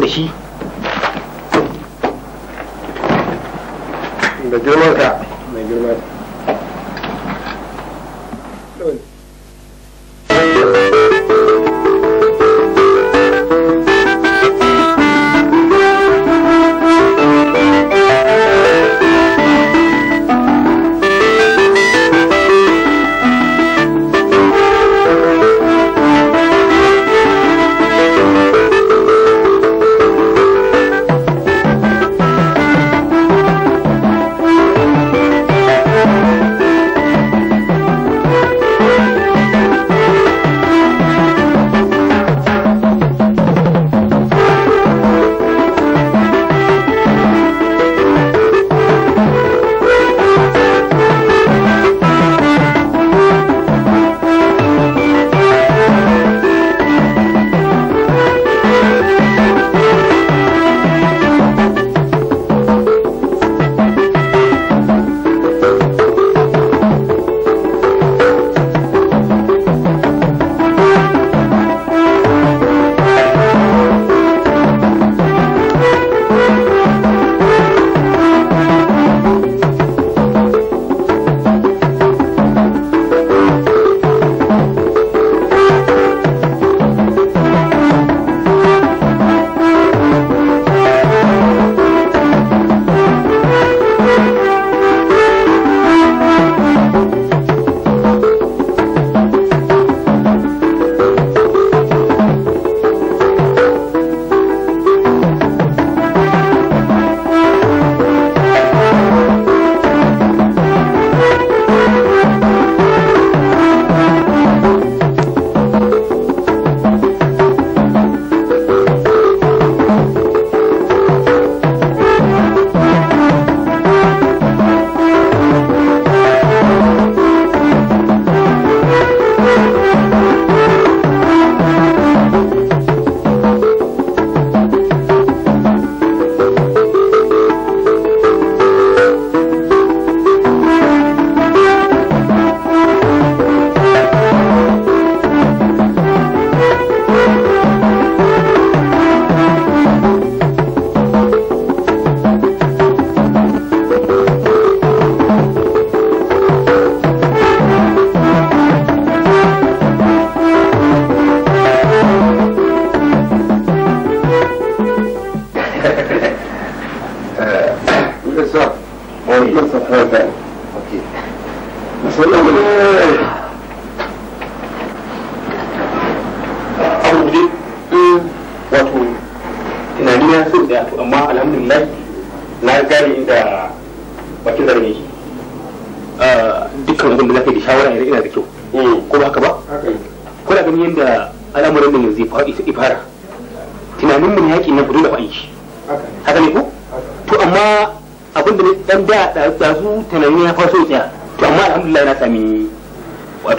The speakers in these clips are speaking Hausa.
的心。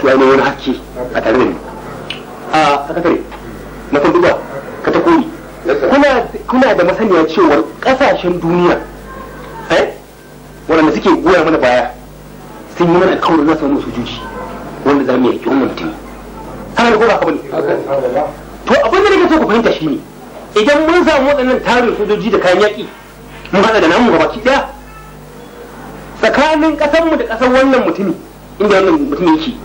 wato ainihin wani haske a tare da ni a sakatare na kan duba ka ta koyi kuna da masaniya cewar ƙasashen duniya eh waɗanda suke goya mana baya sun yi mana alkawarin za su wani sojoji wanda za mu yi wannan mutum ana ko ba ka bane to abin da nake so ku fahimta shine idan mun samu waɗannan tarin sojoji da kayan yaƙi mun haɗa da namu ga baki ɗaya tsakanin ƙasarmu da ƙasar wannan mutumi inda wannan mutum yake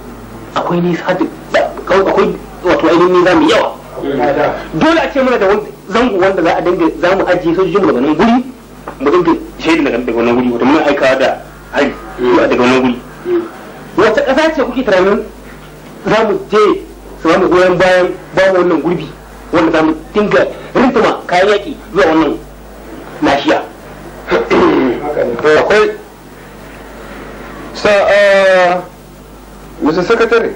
akwai nisa akwai wato ainihin nisa mai yawa dole a ce muna da zango wanda za a dinga za mu ajiye sojojin mu daga nan guri mu dinga shaidu daga wannan guri wato muna aika da hari daga wannan guri wata ƙasa ce kuke tunanin za mu je su ba mu goyon bayan ba mu wannan gurbi wanda za mu dinga rintuma kayan yaƙi zuwa wannan nashiya akwai sa'a ah, mr secretary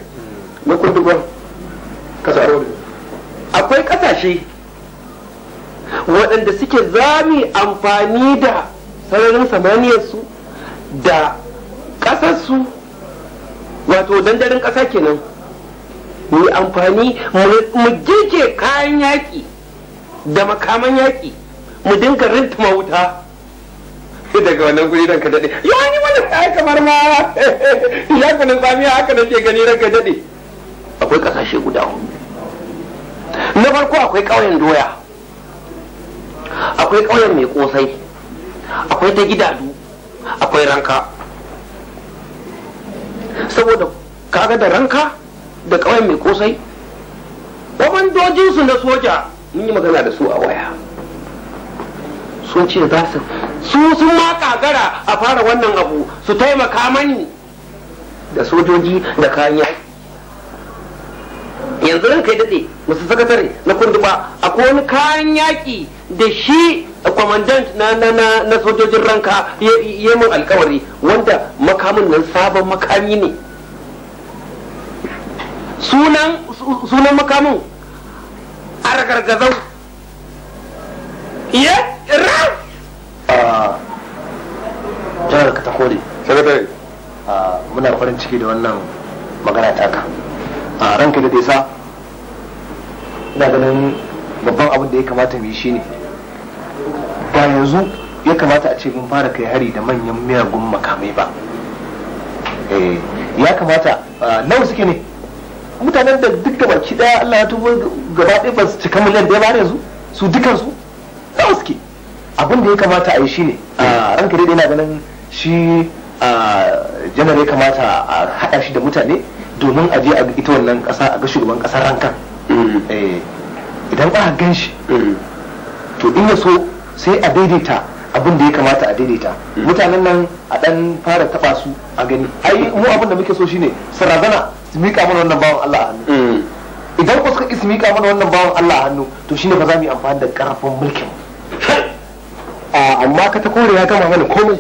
za mu amfani da sararin samaniyarsu da ƙasarsu wato dandarin ƙasa kenan mu amfani mu girke kayan yaƙi da makaman yaƙi mu dinga rintuma wuta daga wannan guri ranka daɗe ya ni wani ya kamar ma ya kunin tsamiya haka nake gani ranka daɗe akwai ƙasashe guda hudu na farko akwai ƙauyen doya akwai ƙauyen mai ƙosai, akwai ta gidadu akwai ranka saboda kaga da ranka da ƙauyen mai kosai su na soja mun yi magana da su a waya sun ce za su su sun ma kagara a fara wannan abu su taimaka mani da sojoji da kayan yaki yanzu ran kai daɗe musu sakatare na kunduba akwai wani kayan yaƙi da shi kwamandant na na na sojojin ranka ya yi mun alkawari wanda makamin nan sabon makami ne sunan sunan makamin argargazau iya ra a ah, jihar ka ta kore sakatare ah, muna farin ciki da wannan magana taka a ah, ranka da dai sa ina ganin babban abin da ya kamata mu yi ne. ba yanzu ya kamata a ce mun fara kai hari da manyan miyagun makamai ba eh, ya kamata nawa suke ne mutanen da duk gabaki daya Allah ya tubo gaba ɗaya ba su cika miliyan da ya bare su su dukan su nawa suke abin da ya kamata a yi shine a ranka dai na ganin shi janar ya kamata a haɗa shi da mutane domin a je a ita wannan ƙasa a ga shugaban ƙasar rankan mm. eh, idan a gan shi mm. to in ya so sai a daidaita abin da ya kamata a daidaita hmm. mutanen nan a dan fara taba su a gani ai mu abin da muke so shine Sarazana razana su mika mana wannan bawan Allah a hannu hmm. idan ku suka isa mika mana wannan bawan Allah a hannu to shine ba za mu yi amfani da karfin mulkin amma ka ta kore ya gama mana komai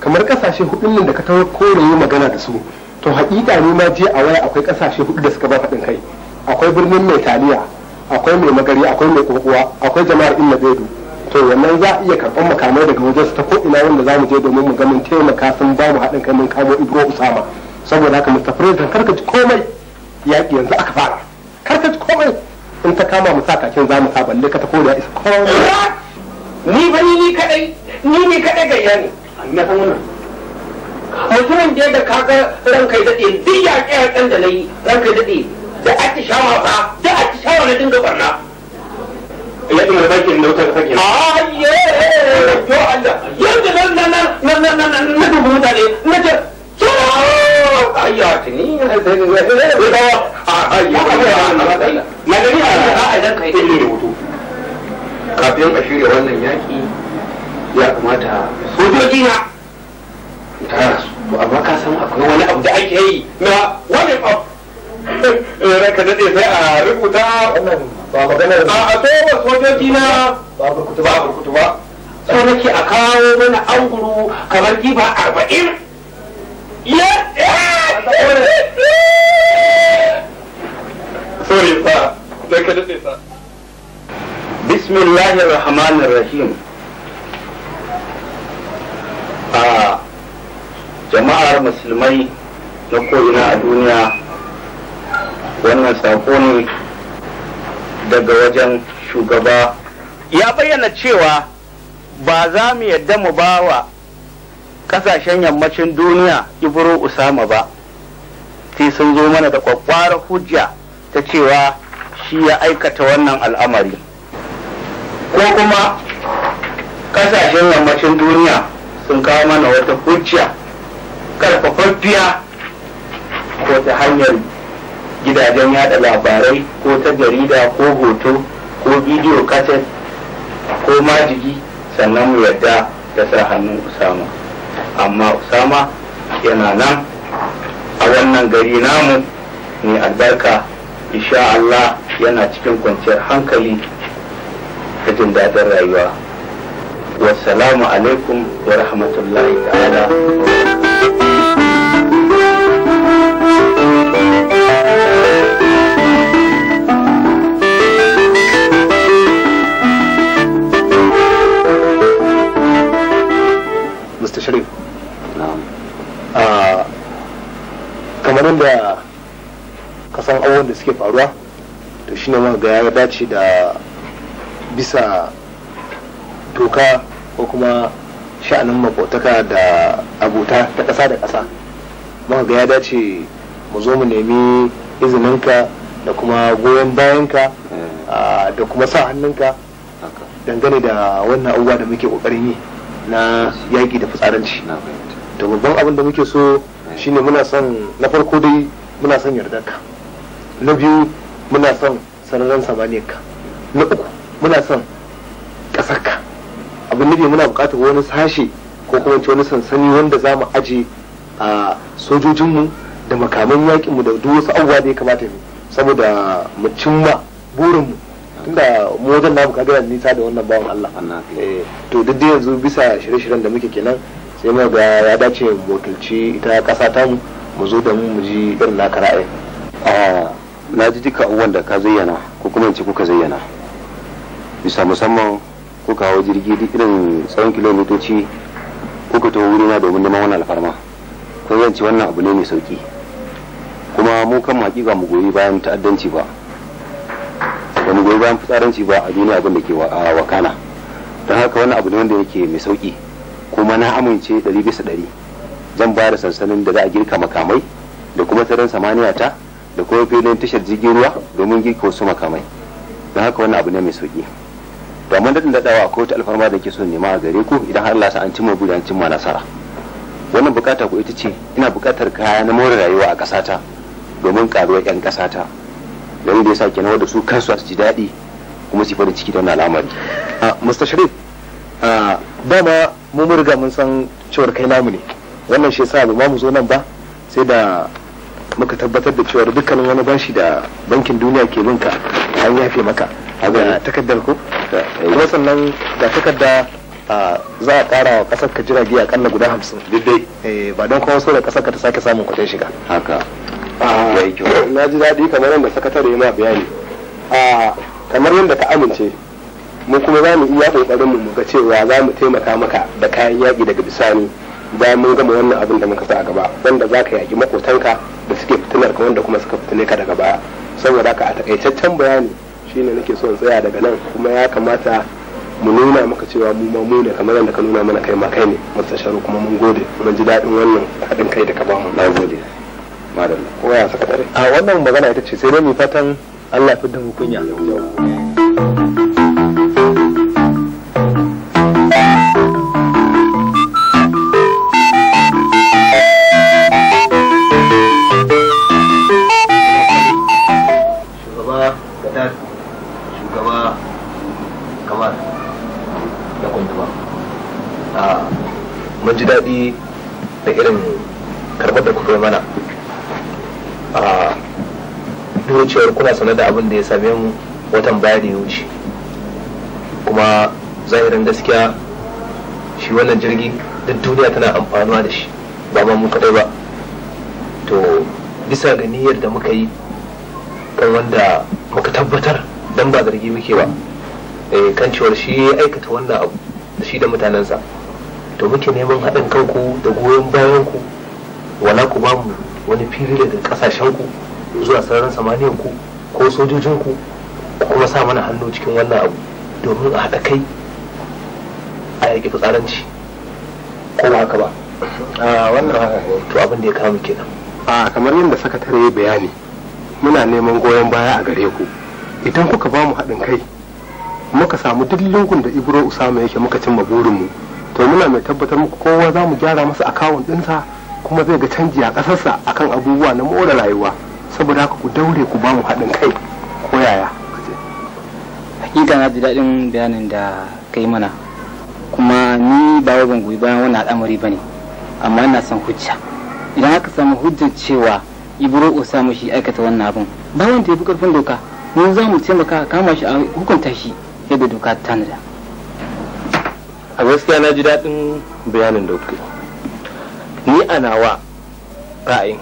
kamar kasashe hudun nan da ka ta kore yi magana da su to hakika ne ma je a waya akwai kasashe hudu da suka ba faɗin kai akwai birnin mai taliya akwai mai magari akwai mai kokowa akwai jama'ar inna bedu to wannan za a iya karɓar makamai daga wajen su ta ko ina wanda za mu je domin mu ga taimaka sun ba mu haɗin kai mun kamo ibro usama saboda haka mr president karka ji komai yaƙi yanzu aka fara karka ji komai in ta kama mu sa kakin za mu sa balle ka ta koda isa komai ni ba ni ni kadai ni ni kadai ga yani na san wannan mutumin da da kaga ranka ya dade duk yaƙe-yaƙen da na yi ranka ya dade da atishawa ba da atishawa na dinga barna ya ɗin rabakin da wutar sake ayye yo Allah yadda nan nan nan nan nan na dubu mutane na ce ayya tuni na zai zai zai dawa ayya madani a a dan kai ne rubutu kafin a shirya wannan yaki ya kamata sojoji na amma ka san akwai wani abu da ake yi na wani abu ranka dade sai a rubuta ba magana a a to ba na ba burkutu ba burkutu ba nake a kawo mana anguru kamar kifa arba'in ya sorry sa dan ka dace sa bismillahir rahmanir rahim a jama'ar musulmai na ko'ina a duniya wannan sako ne daga wajen shugaba ya bayyana cewa ba za mu yadda mu ba wa kasashen yammacin duniya ibro usama ba sai sun zo mana da kwakwara hujja ta cewa shi ya aikata wannan al'amari ko kuma kasashen yammacin duniya sun kawo mana wata hujja karfafaffiya ko ta hanyar gidajen yada labarai ko ta jarida ko hoto ko bidiyo kaset ko majigi sannan mu yadda da sa hannun usama amma usama yana nan a wannan gari namu mai albarka insha Allah yana cikin kwanciyar hankali da jin daɗin rayuwa wassalamu alaikum wa rahmatullahi ta'ala Mr. Sharif. Ah, kamar yadda kasan awon da suke faruwa to shi ne ga ya dace da bisa doka ko kuma sha'anin makotaka da abota ta ƙasa da ƙasa ga ya dace mu zo mu nemi izininka da kuma goyon bayanka eh. ah, da kuma sa hannunka dangane da wannan abubuwa da muke kokarin yi na yaƙi da fitsaranci to babban abin da muke so eh. shine muna son na farko dai muna son yardarka na biyu muna son sararin samaniyarka na uku muna son ƙasarka abin nufi muna buƙatar wani sashe ko kuma wani sansani wanda za mu aje a ah, sojojinmu da makaman yakin mu da duk wasu abubuwa da ya kamata mu saboda mu cimma burin mu tunda mu wajen namu kaga da nisa da wannan bawan Allah eh, to duk da yanzu bisa shirye-shiryen da muke kenan sai mu ga ya dace mu wakilci ita kasa ta mu mu zo da mu mu ji irin naka ra'ayi a na ji duka abubuwan da ka zayyana ko kuma in ce kuka zayyana bisa musamman ko kawo jirgi duk irin tsawon kilomitoci kuka wuri wurina domin neman wannan alfarma ko zan wannan abu ne mai sauki kuma mu kan maki mu goyi bayan ta'addanci ba ba mu goyi bayan fitsaranci ba a duniya abin da ke wakana don haka wani abu ne wanda yake mai sauki kuma na amince ɗari bisa ɗari zan ba da sansanin da za a girka makamai da kuma taron samaniya ta da kuma filin tashar jirgin ruwa domin girka wasu makamai don haka wani abu ne mai sauki to amma dadin dadawa ko ta alfarma da ke son nema a gare ku idan har lasa an cimma buri an cimma nasara wannan bukata ku ita ce ina bukatar kaya na more rayuwa a ƙasata domin karuwar 'yan ƙasa ta don da ya sa nawa da su kansu su ji daɗi kuma su farin ciki da wani al'amari. Mr. Sharif, dama mu murga mun san cewar kai namu ne wannan shi yasa ba mu zo nan ba sai da muka tabbatar da cewar dukkanin wani bashi da bankin duniya ke binka an yafe maka a ga takardar ko eh. kuma sannan da takarda za a kara wa kasar ka jirage ƙalla guda hamsin diddai eh, ba don kuma so da kasar ka ta sake samun kuɗin shiga haka ya yi na ji daɗi kamar yadda sakatare ma bayani kamar yadda ka amince mu kuma za mu iya ƙoƙarin mu ga cewa za mu taimaka maka da kayan yaƙi daga bisani bayan mun gama wannan abin da muka sa a gaba wanda za ka yaƙi maƙotanka da suke fitinar ka wanda kuma suka fitine ka daga baya saboda haka a takaitaccen bayani ne nake so in tsaya daga nan kuma ya kamata mu nuna maka cewa mu ma mu kamar yadda ka nuna mana kai ma kai ne mutasharu kuma mun gode mun ji daɗin wannan haɗin kai da ka ba mu na gode madalla ko ya saka dare a wannan magana ita ce sai dai mu fatan Allah ya fi da mu kunya muna sanar da abin da ya same mu watan baya da ya wuce kuma zahirin gaskiya shi wannan jirgi duk duniya tana amfanuwa da shi ba ma mu kadai ba to bisa ga niyyar da muka yi kan wanda muka tabbatar dan ba zargi muke ba eh, kan cewar shi ya aikata wannan abu da shi da mutanensa to muke neman haɗin kanku da goyon bayan ku wala ku ba mu wani fili daga ƙasashen ku zuwa sararin samaniyar ku kawo sojojin ku kuma sa mana hannu cikin wannan abu domin a haɗa kai a yaƙi fitsaranci ko ba haka ba a wannan to abin da ya kawo kenan a kamar yadda sakatare ya bayani muna neman goyon baya a gare ku idan kuka ba mu haɗin kai muka samu duk lungun da ibro usama yake muka cimma burinmu to muna mai tabbatar muku kowa za mu gyara masa akawun ɗinsa kuma zai ga canji a ƙasarsa akan abubuwa na more rayuwa saboda haka ku daure ku ba haɗin kai ko yaya hakika na ji daɗin bayanin da kai mana kuma ni ba wa zan goyi bayan wannan al'amari ba ne amma ina son hujja idan aka samu hujjar cewa ibro osama shi aikata wannan abin ba wanda ya fi karfin doka mu za mu taimaka kama shi a hukunta shi yadda doka ta tanada a gaskiya na ji daɗin bayanin da ni a nawa ra'ayin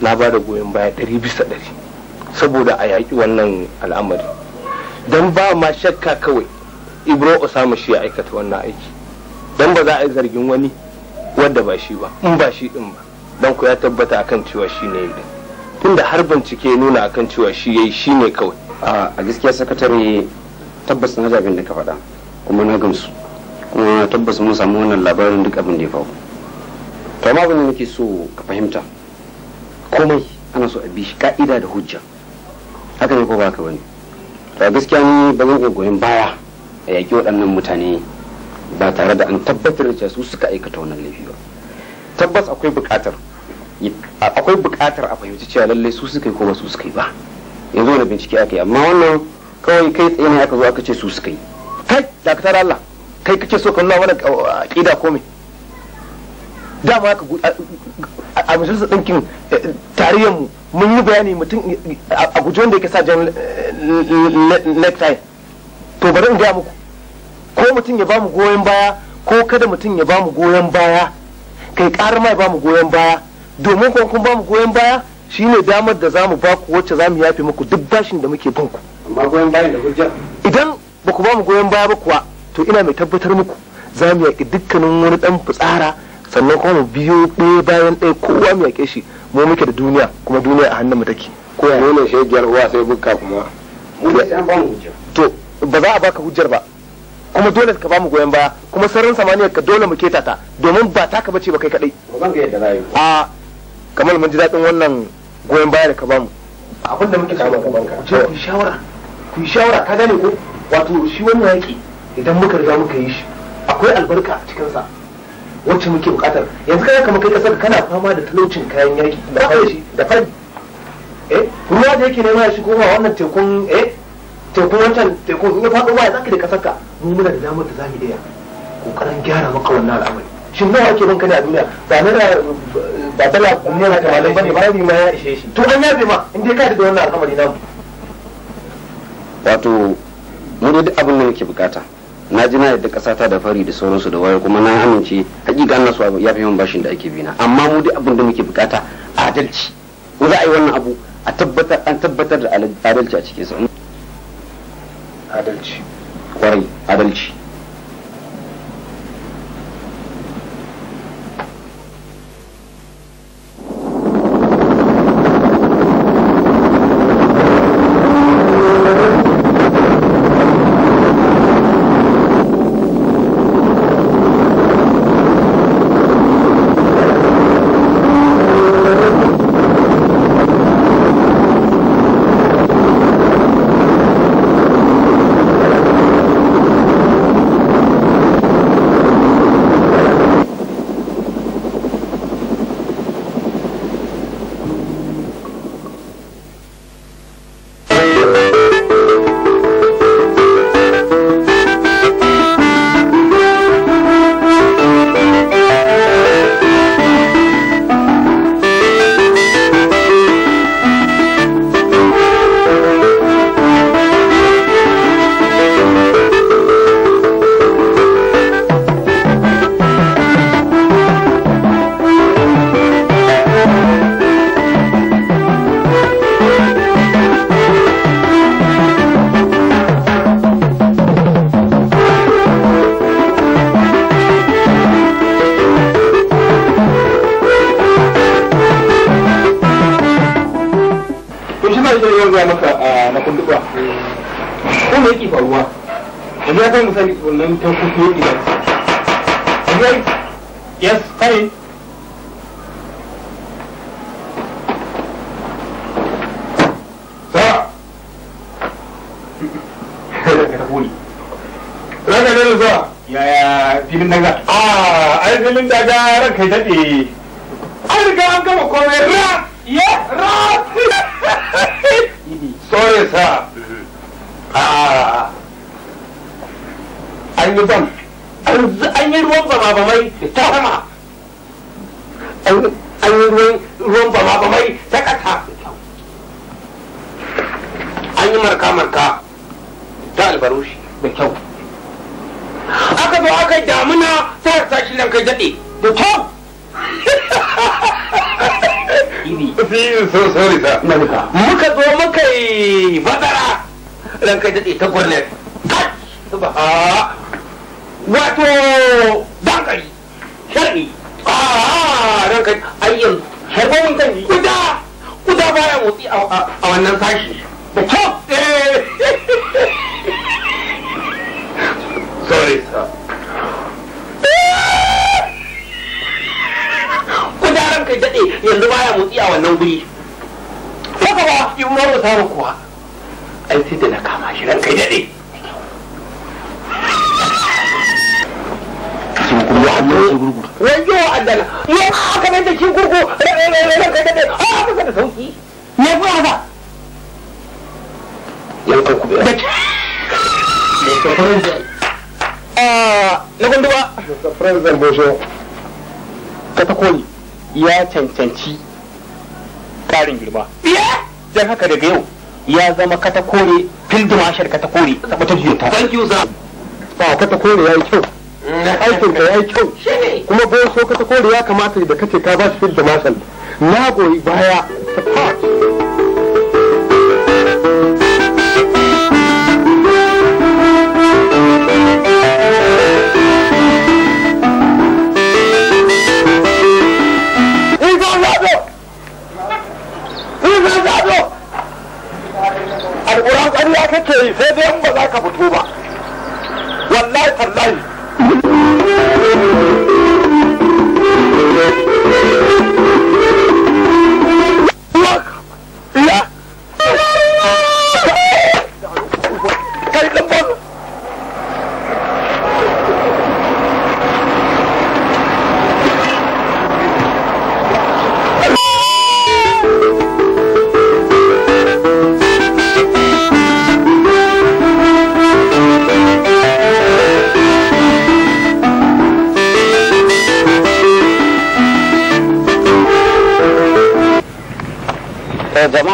na ba da goyon baya ɗari bisa ɗari saboda a yaƙi wannan al'amari don ba ma shakka kawai ibro osama shi ya aikata wannan aiki don ba za a yi zargin wani wadda ba shi ba in ba shi ɗin ba don ku ya tabbata akan cewa shi ne yi tunda har bincike nuna akan cewa shi yi shi ne kawai a gaskiya sakatare tabbas na abin da ka faɗa kuma na gamsu kuma tabbas mun samu wannan labarin duk abin da ya faru to amma abin nake so ka fahimta komai ana so a bi shi ka'ida da hujja haka ne ko ba ka bane to gaskiya ni ba zan iya goyon baya a yaƙi waɗannan mutane ba tare da an tabbatar da su suka aikata wannan laifi ba tabbas akwai buƙatar akwai buƙatar a fahimci cewa lallai su suka yi ko ba su suka yi ba yanzu wani bincike aka yi amma wannan kawai kai tsaye ne aka zo aka ce su suka yi kai dakatar Allah kai kake so ka nuna mana ƙida ko me dama ka a majalisar ɗinkin eh, tarayyar mu mun yi bayani mutum a guji wanda yake sa jan eh, necktie to bari in gaya muku ko mutum ya ba mu goyon baya ko kada mutum ya ba mu goyon baya kai ƙara mai mu goyon baya domin kun ba mu goyon baya shine damar da za mu ba ku wacce za mu yafe muku duk bashin da muke bin ku amma goyon baya da hujja idan ba ku bamu goyon baya ba kuwa to ina mai tabbatar muku za mu yaƙi dukkanin wani ɗan fitsara sannan kuma mu biyo ɗaya bayan ɗaya kowa mu yaƙe shi mu muke da duniya kuma duniya a hannun mu take ko ya nuna shegiyar uwa sai bukka kuma to ba za a baka hujjar ba kuma dole ka bamu goyon baya kuma sararin samaniya ka dole mu keta ta domin ba taka bace ba kai kadai a kamar mun ji daɗin wannan goyon baya da ka bamu abin da muke samu gaban ka je ku shawara ku shawara ka gane ko wato shi wannan yaki idan muka riga muka yi shi akwai albarka cikin sa wacce muke bukatar yanzu kai kamar kai kasar kana fama da talaucin kayan yaki da fari da fari eh ruwa da yake nema ya kuma wannan tekun eh tekun wancan tekun Ruwa ya faɗo ba ya zaka da kasar ka mu muna da damar da zamu iya kokarin gyara maka wannan al'amari shin nawa ake banka ne a duniya ba na da ba la kuma na kamar ban ba ma ya ishe shi to an yabe ma in dai ka da wannan al'amari namu wato mu duk abin da muke bukata na ji na yadda kasata da fari da sauransu da wayo kuma na amince hakika na su ya fi bashin da ake bina amma mu da abin da muke bukata adalci ko za a yi wannan abu a tabbatar an tabbatar da adalci a cikin sa adalci kwarai adalci 还得你。ya ba aka mai da shi a kusa da haka ya daga yau ya zama thank you sir ya yi kyau aikin ka yayi kyau kuma bayan so ka ta ya kamata da kace ka ba shi fit da masal na goyi baya support alƙuran ƙarya kake yi sai dai ba za ka fito ba wallahi tallahi Thank you.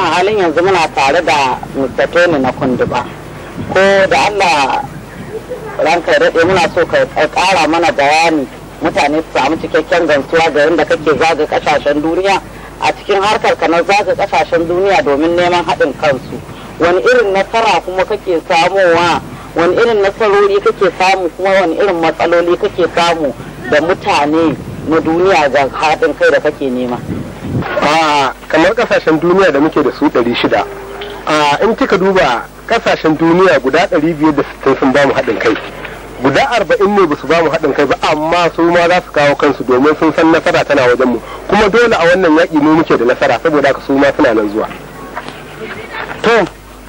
a halin yanzu muna tare da Mr. Tony na kunduba ko da Allah ranka ya daɗe muna so ka ƙara mana bayani mutane su samu cikakken gansuwa ga yadda kake zaga kasashen duniya a cikin harkar ka na zaga kasashen duniya domin neman haɗin kansu wani irin nasara kuma kake samowa wani irin nasarori kake samu kuma wani irin matsaloli kake samu da mutane na duniya ga haɗin kai da kake nema. Ah, kamar kasashen duniya da muke da su 600 a in kika duba kasashen duniya guda 560 sun bamu haɗin kai guda 40 ne basu bamu haɗin kai ba amma su ma za su kawo kansu domin sun san nasara tana wajen mu kuma dole a wannan yaƙi mu muke da nasara saboda ka su ma suna nan zuwa to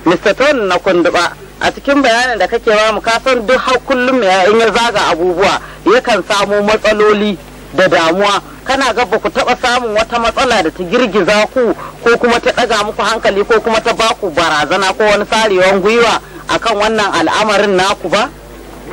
Mr. Ton na kunduba a cikin bayanin da kake ba mu kasan duk har kullum ya in ya zaga abubuwa yakan samu matsaloli da damuwa kana ga ba ku taba samun wata matsala da ta girgiza ku ko kuma ta ɗaga muku hankali ko kuma ta baku barazana ko wani sarewan gwiwa akan wannan al'amarin naku ba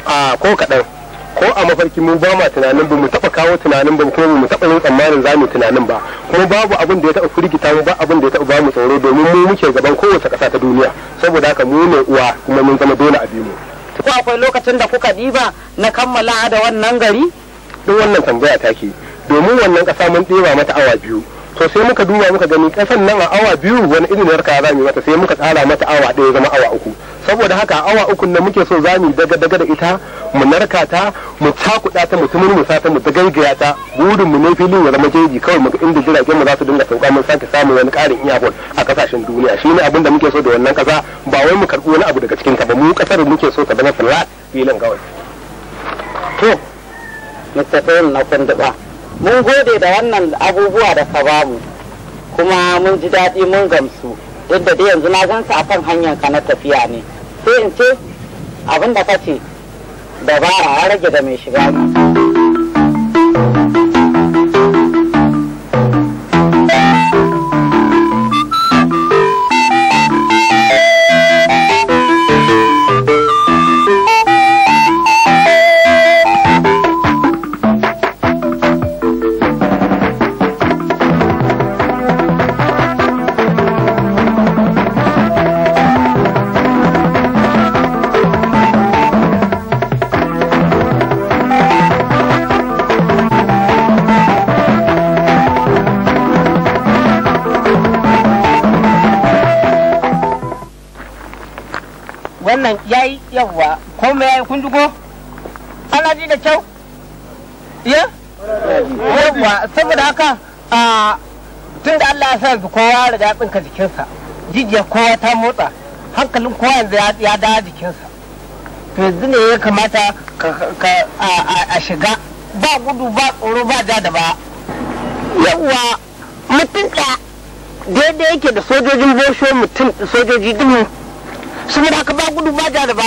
a ko kaɗan ko a mafarki mu ba ma tunanin ba mu taɓa kawo tunanin ba kuma mu taɓa yin tsammanin za mu tunanin ba kuma babu abin da ya taɓa firgita mu ba abin da ya taɓa ba mu tsoro domin mu muke gaban kowace ƙasa ta duniya saboda haka mu ne uwa kuma mun zama dole a bi mu ko akwai lokacin da kuka diba na kammala da wannan gari duk wannan tambaya take domin wannan kasa mun ɗeba mata awa biyu to sai muka duba muka gani ƙasan nan a awa biyu wani irin yarka za mu mata sai muka tsara mata awa ɗaya zama awa uku saboda haka awa uku na muke so za mu daga daga da ita mu narka ta mu cakuɗa ta mu tumuni mu ta mu dagaigaya ta burin mu ne filin ya zama jeji kawai mu inda jiragen mu za su dinga sauka mun sake samun wani ƙarin iyakon a kasashen duniya shine abin da muke so da wannan kasa ba wai mu karɓi wani abu daga cikin ta ba mu kasar muke so ta zama flat filin kawai to na ba mun gode da wannan abubuwa da ka bamu kuma mun ji daɗi mun gamsu duk da yanzu na gan a kan hanyar ka na tafiya ne sai in ce abin da ka ce da dabara ya rage da mai shiga da kun dugo ana ji da kyau ya yawwa saboda haka a tun da Allah ya sa yanzu kowa riga ya tsinka jikinsa jijiya kowa ta motsa hankalin kowa yanzu ya dawo jikinsa to yanzu ne ya kamata a shiga ba gudu ba tsoro ba ja da ba yawwa mutum da daidai yake da sojojin bosho mutum sojoji dubu saboda haka ba gudu ba ja da ba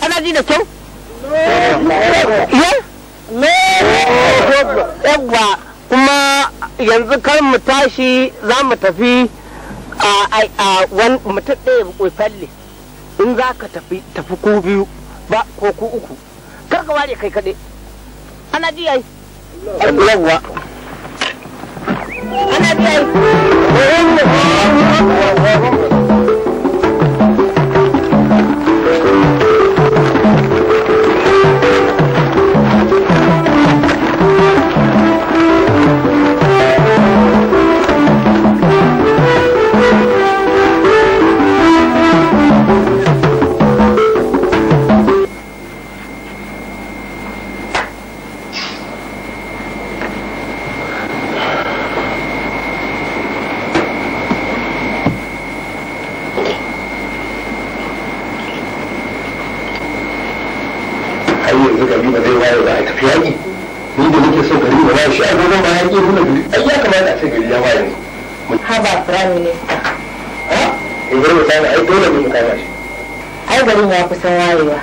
ana ji da kyau yawwa kuma yanzu kan mu tashi za mu tafi a wani mutum ɗaya ku falle in za ka tafi tafi ko biyu ba ko ku uku kar ka ware kai kaɗai ana ji ai yawwa ana ji yai ya kusan wayewa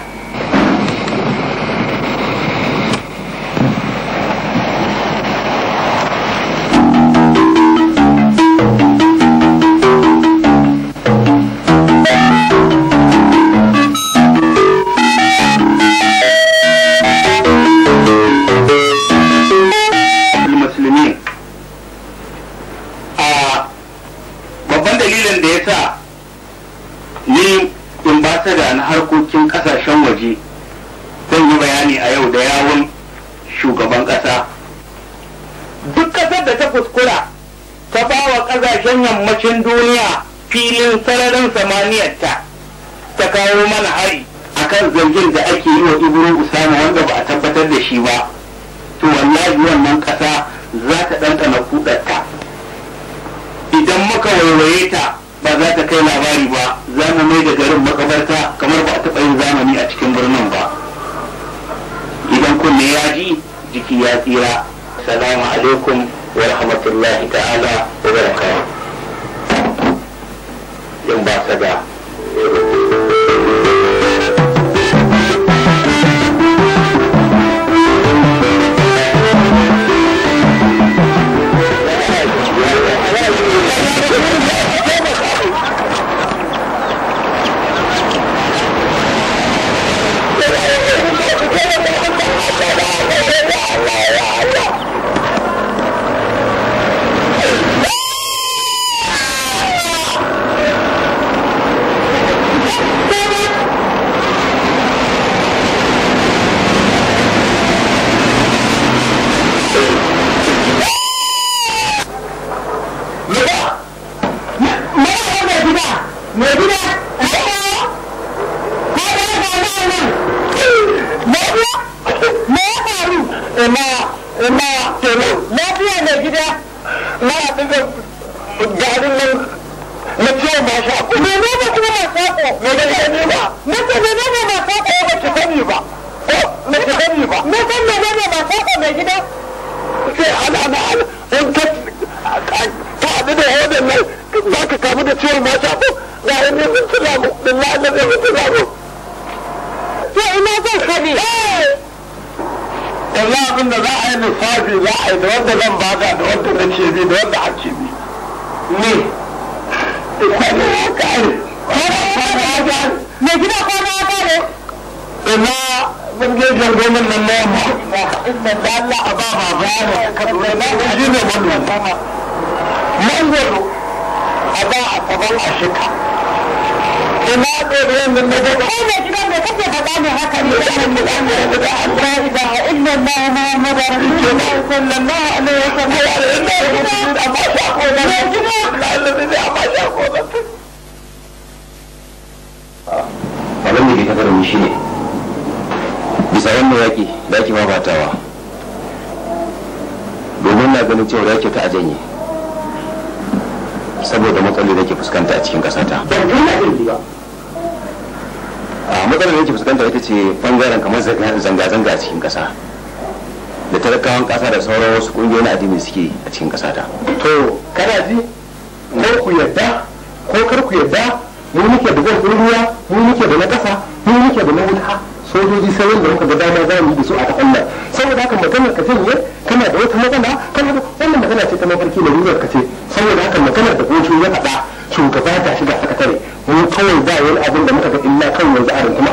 kuma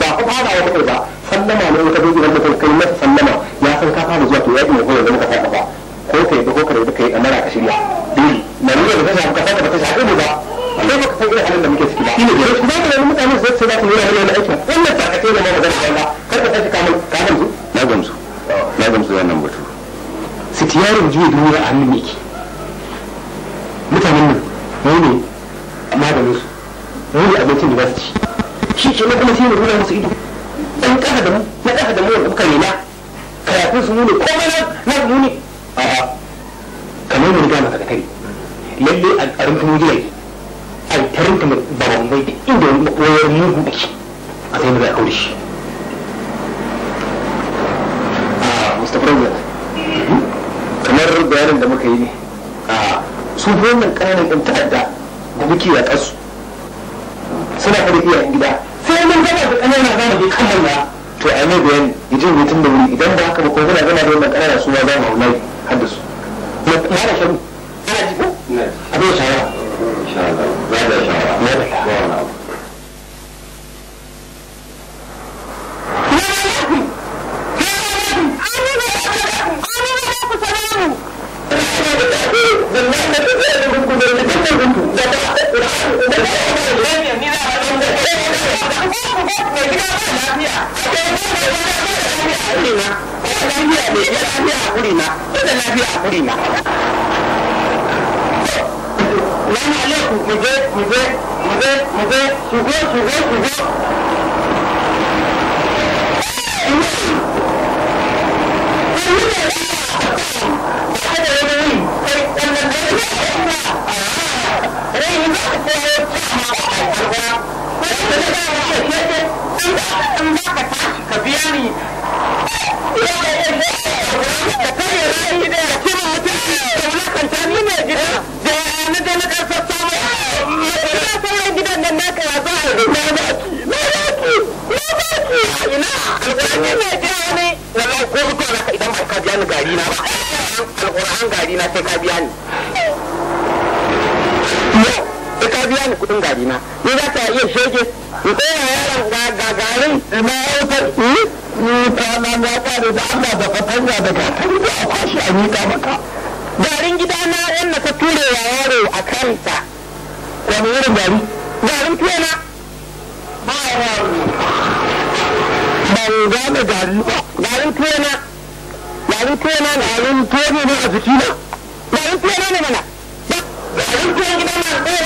ba ya kware da Allah da fatanya da gatari da a kwashi a miƙa maka garin gida na yanda ka ture wa yaro a kanta wani gari garin tuwona ba ya ban gane gari ba garin tuwona garin tuwona garin tuwona ne a garin tuwona ne mana garin tuwon gida na ɗora wa yaro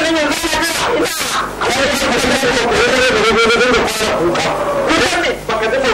yanzu ana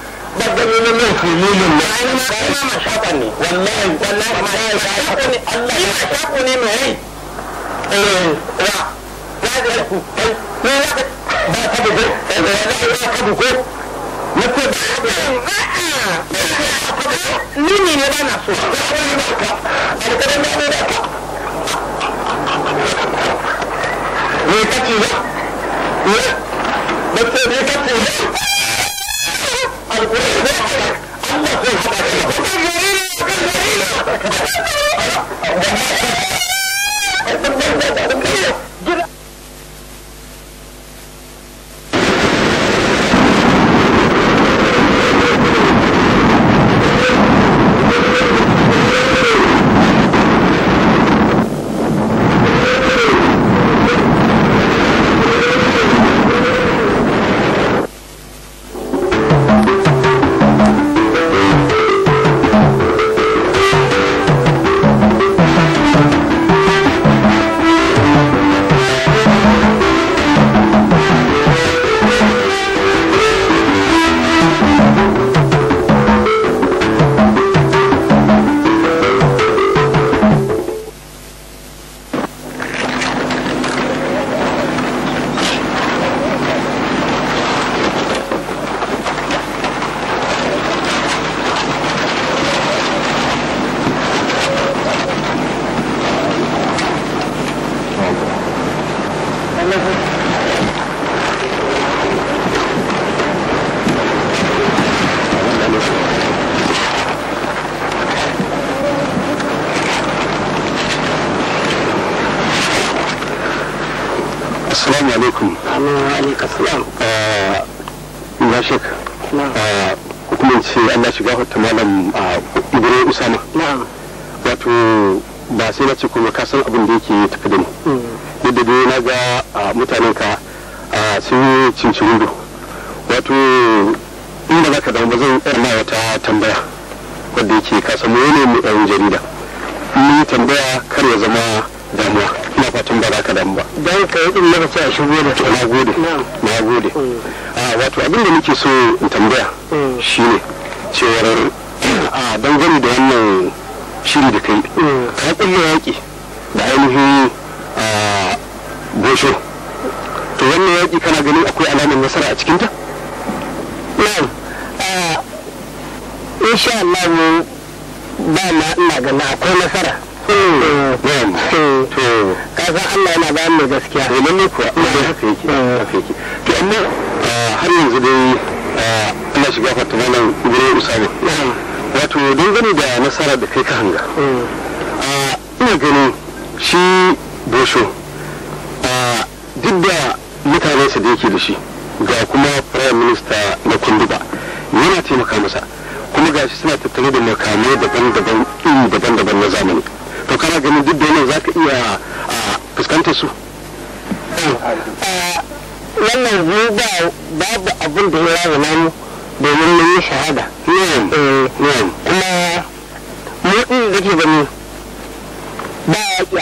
gani na nan kunu ne ma ai ma ai ma shaka ne wallahi wallahi ma ai shaka ne Allah ya shaka ne mai rai eh ra na ga ku ne na ga ba ta da eh na ga ka ku ko ne ko ni ne ne na so ko ne ba ka ai ka ne ne ba ne ka ci ba ne ba ce ne ka ci ba Give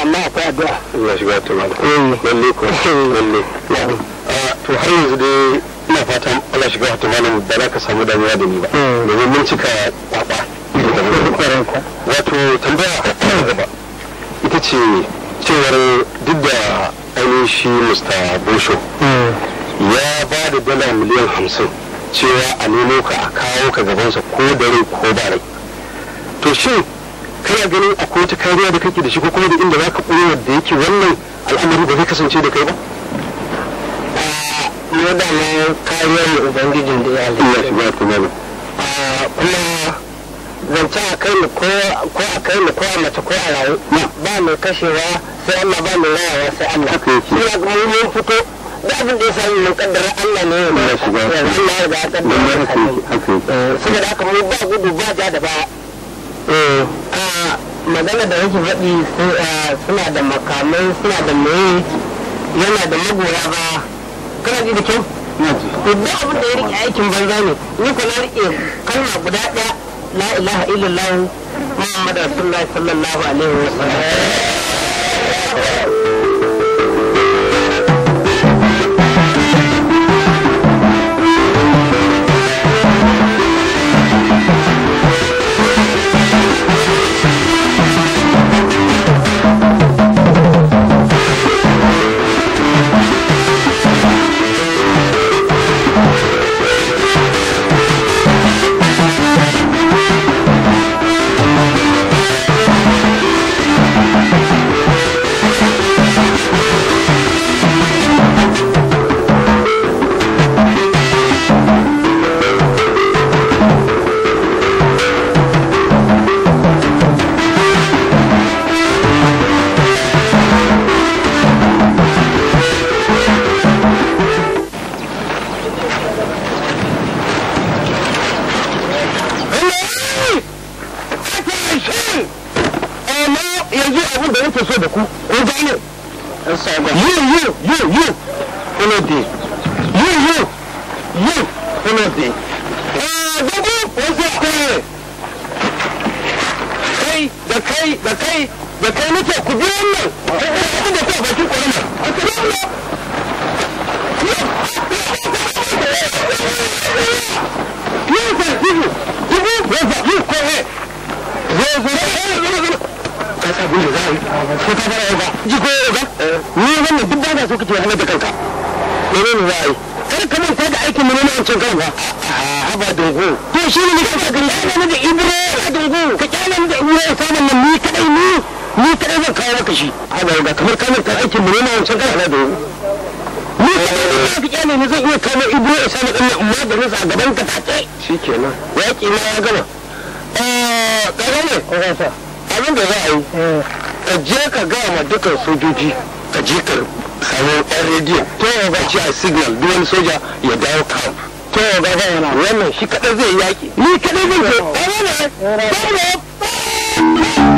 amma akwai addu'a Allah shiga ta mata mm. lalle ko mm. lalle mm. to har yanzu dai ina fatan Allah shiga ta malam ba za ka samu damuwa da ni ba domin mun cika kwakwa wato tambaya ta gaba ita ce cewar duk da ainihin shi Mr. Busho ya ba da dala miliyan hamsin cewa a nemo ka a kawo ka gabansa ko dare ko ba to shin kana ganin akwai wata kariya da kake da shi ko kuma da inda za ka koyi da yake wannan al'amari ba zai kasance da kai ba ne da ne kariya ne ubangijin da ya halitta kuma zance a kai ko a kai ko a mace ko a rayu ba mai kashewa sai Allah ba mai rayawa sai Allah shi ya mu mun fito da abin da ya sami mun kaddara Allah ne ya mai shiga Allah ya ga kaddara eh, saboda haka mu ba gudu ba ja da baya eh. magana da rashin haɗi eh, suna da makamai suna da mai yana da magoya ba kana ji da kyau to abin da ya rike aikin banza ne ni kuma rike kalma guda ɗaya la ilaha illallah muhammad rasulullahi sallallahu alaihi wasallam You, you, you, you. Elodie. You, you. You. Elodie. Eh, Dubu, wasu kare. Kai, da kai, da kai, da kai nake ku bi wannan. Kai da kai baki Ko ba haba dungu to shi ne ka gari kana da ibro dungu ka kana da ibro ka mana ni kadai ni ni kadai zan kawo maka shi haba da kamar kana ta aikin mu ne na wancan kana da ni ka kana ne zan iya kawo ibro isa na kana amma da nasa gaban ka tace shikenan yaki ma ya gama eh kare ne abin da za a yi eh. ka je ka ga ma dukkan sojoji ka je ka samu yan rediyo ko ba ci a signal duk wani soja ya dawo ko ya ga yana wannan shi kadai zai yaki ni kada zai yaki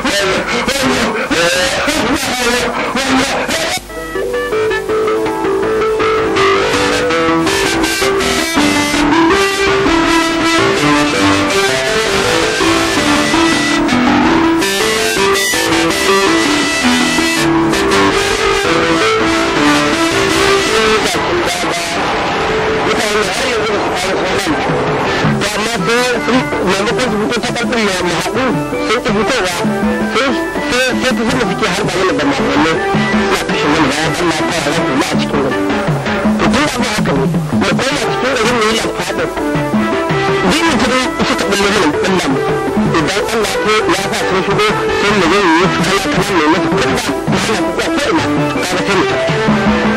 mu haɗu sun ƙi fitowa sai ta zama suke har da wani bana wani suna kashe mana ya kan na ta yara kuma a cikin gari to tun da haka ne mu koma cikin gari mu yi lafaɗin dini ta ɓullo mana ɓulla mu idan Allah ko ya sa sun shigo sai mu zo yi su halaka mu ne masu ɓulla mu suna kuka ko ina kaga sai mu tafi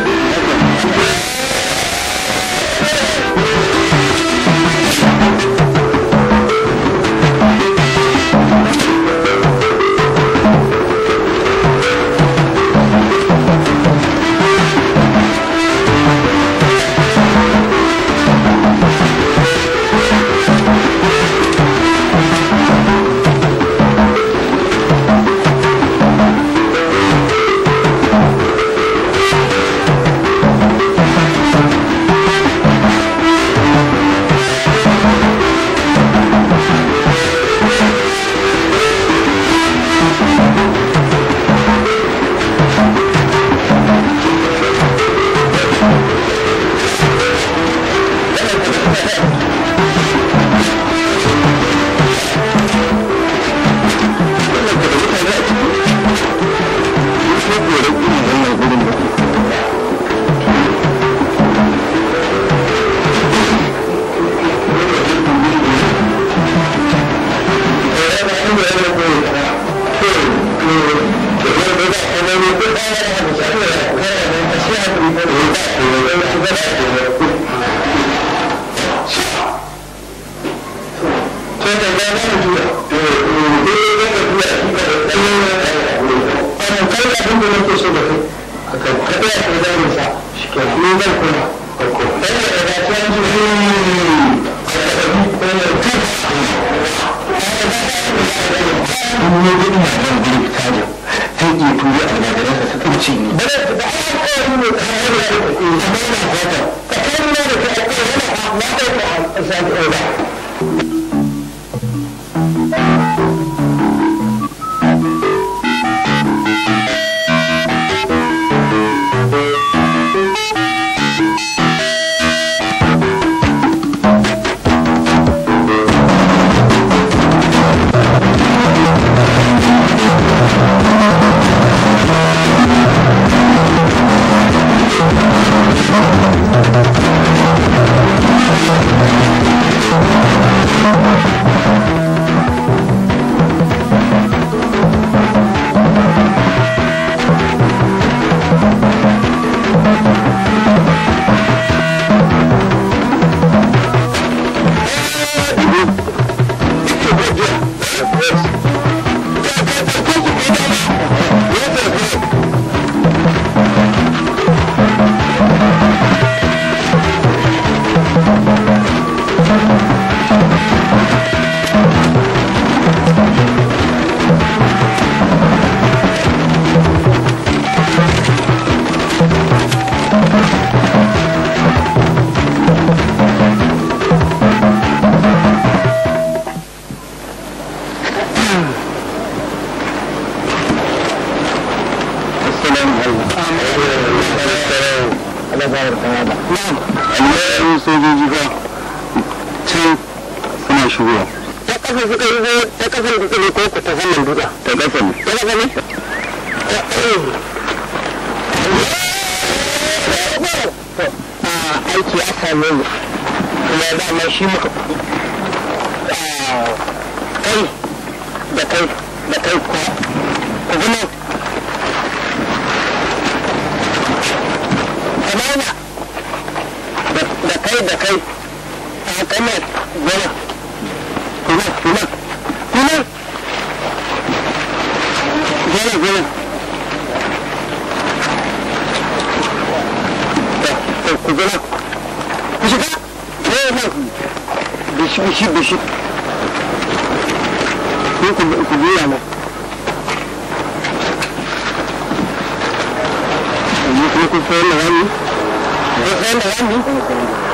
kai da kai a kanar gana kuma kuma kuma gana gana ku gana ku shiga gana bishi bishi bishi ku biya na Thank you.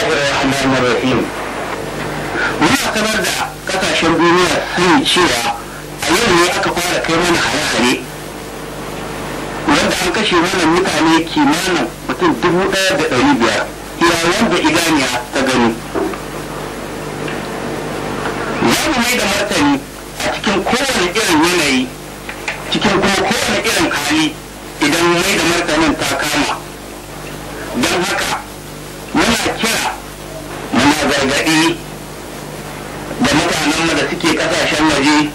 bismillahir rahmanir rahim muna sanar da kasashen duniya sun cewa a yau ne aka fara kai mana hare-hare wanda an kashe mana mutane kimanin mutum dubu ɗaya da ɗari biyar iya wanda iganiya ta gani za mu mai da martani a cikin kowane irin yanayi cikin kuma kowane irin hali idan mai da martanin ta technology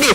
的你，